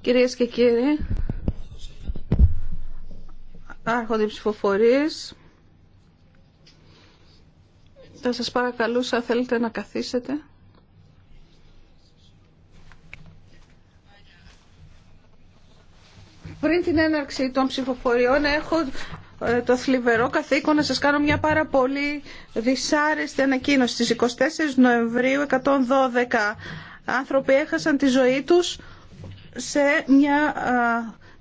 Κυρίε και κύριοι, άρχονται οι ψηφοφορίες. Θα σας παρακαλούσα, θέλετε να καθίσετε. Πριν την έναρξη των ψηφοφοριών έχω ε, το θλιβερό καθήκον να σας κάνω μια πάρα πολύ δυσάρεστη ανακοίνωση. Στις 24 Νοεμβρίου 112 άνθρωποι έχασαν τη ζωή τους σε μια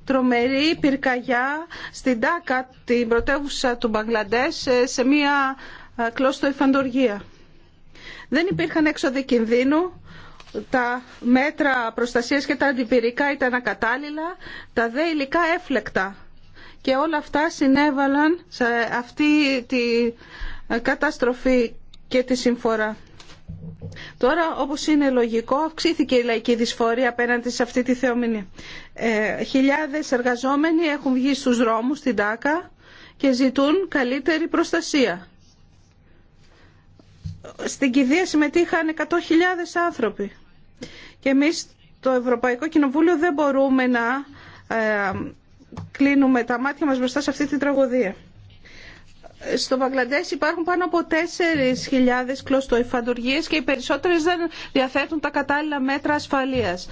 τρομερή πυρκαγιά στην Τάκα, την πρωτεύουσα του Μπαγκλαντές, ε, σε μια κλώστο εφαντοργία. Δεν υπήρχαν έξοδοι κινδύνου, τα μέτρα προστασίας και τα αντιπυρικά ήταν ακατάλληλα, τα δε υλικά έφλεκτα και όλα αυτά συνέβαλαν σε αυτή τη καταστροφή και τη συμφορά. Τώρα, όπως είναι λογικό, αυξήθηκε η λαϊκή δυσφορία απέναντι σε αυτή τη θεομηνία. Ε, χιλιάδες εργαζόμενοι έχουν βγει στους δρόμους στην Τάκα και ζητούν καλύτερη προστασία. Στην κηδεία συμμετείχαν 100.000 άνθρωποι. Και εμείς το Ευρωπαϊκό Κοινοβούλιο δεν μπορούμε να ε, κλείνουμε τα μάτια μας μπροστά σε αυτή την τραγωδία. Στο Βαγκλαντές υπάρχουν πάνω από 4.000 κλωστοϊφαντουργίες και οι περισσότερες δεν διαθέτουν τα κατάλληλα μέτρα ασφαλείας.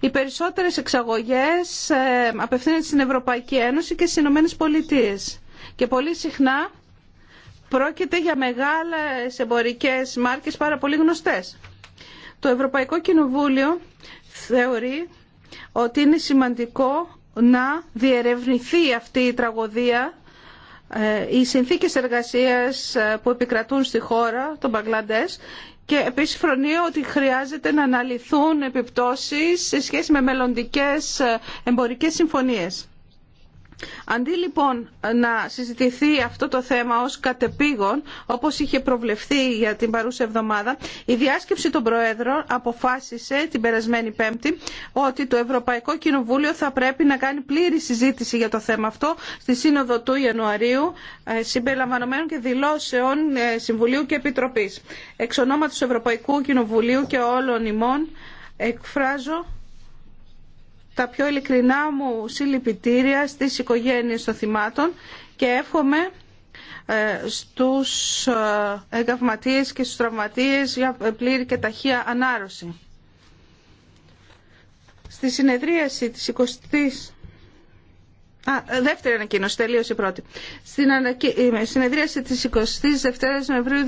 Οι περισσότερες εξαγωγές ε, απευθύνονται στην Ευρωπαϊκή Ένωση και στις Ηνωμένες Πολιτείες. Και πολύ συχνά πρόκειται για μεγάλες εμπορικές μάρκες πάρα πολύ γνωστές. Το Ευρωπαϊκό Κοινοβούλιο θεωρεί ότι είναι σημαντικό να διερευνηθεί αυτή η τραγωδία, ε, οι συνθήκες εργασίας ε, που επικρατούν στη χώρα, τον Μπαγκλαντές, και επίσης φρονείω ότι χρειάζεται να αναλυθούν επιπτώσεις σε σχέση με μελλοντικές ε, εμπορικές συμφωνίες. Αντί λοιπόν να συζητηθεί αυτό το θέμα ως κατεπήγον, όπως είχε προβλεφθεί για την παρούσα εβδομάδα, η διάσκεψη των Προέδρων αποφάσισε την περασμένη Πέμπτη ότι το Ευρωπαϊκό Κοινοβούλιο θα πρέπει να κάνει πλήρη συζήτηση για το θέμα αυτό στη Σύνοδο του Ιανουαρίου, ε, συμπεριλαμβανομένων και δηλώσεων ε, Συμβουλίου και Επιτροπής. Εξ ονόματος Ευρωπαϊκού Κοινοβουλίου και όλων ημών εκφράζω τα πιο ειλικρινά μου συλληπιτήρια στις οικογένειες των θυμάτων και εύχομαι ε, στους ε, εγκαυματίες και στους τραυματίες για πλήρη και ταχεία ανάρρωση. Στη συνεδρίαση της 20ης Α, δεύτερη ανακοίνωση, τελείωσε η πρώτη. Στην συνεδρίαση της 22ης Νοεμβρίου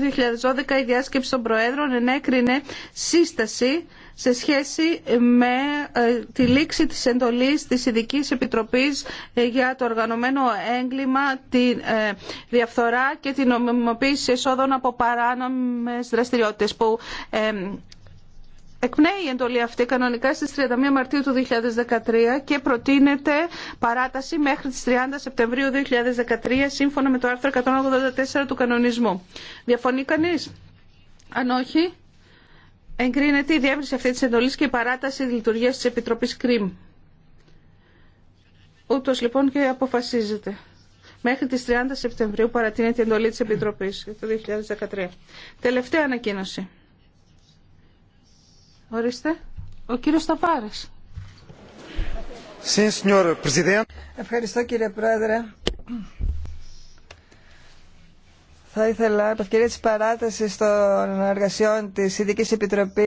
2012 η διάσκεψη των Προέδρων ενέκρινε σύσταση σε σχέση με ε, τη λήξη της εντολής της ειδική Επιτροπής ε, για το οργανωμένο έγκλημα, τη ε, διαφθορά και την νομιμοποίηση εσόδων από παράνομες δραστηριότητες που Εκπνέει η εντολή αυτή κανονικά στις 31 Μαρτίου του 2013 και προτείνεται παράταση μέχρι τις 30 Σεπτεμβρίου 2013 σύμφωνα με το άρθρο 184 του κανονισμού. Διαφωνεί κανεί, Αν όχι, εγκρίνεται η διεύρυνση αυτή τη εντολής και η παράταση λειτουργία τη Επιτροπής ΚΡΙΜ. Ούτω λοιπόν και αποφασίζεται. Μέχρι τι 30 Σεπτεμβρίου παρατείνεται η εντολή τη Επιτροπή το 2013. Τελευταία ανακοίνωση. Ορίστε. Ο κύριος Ευχαριστώ κύριε Πρόεδρε. Θα ήθελα, από ευκαιρία της παράτασης των εργασιών της Ειδικής Επιτροπής,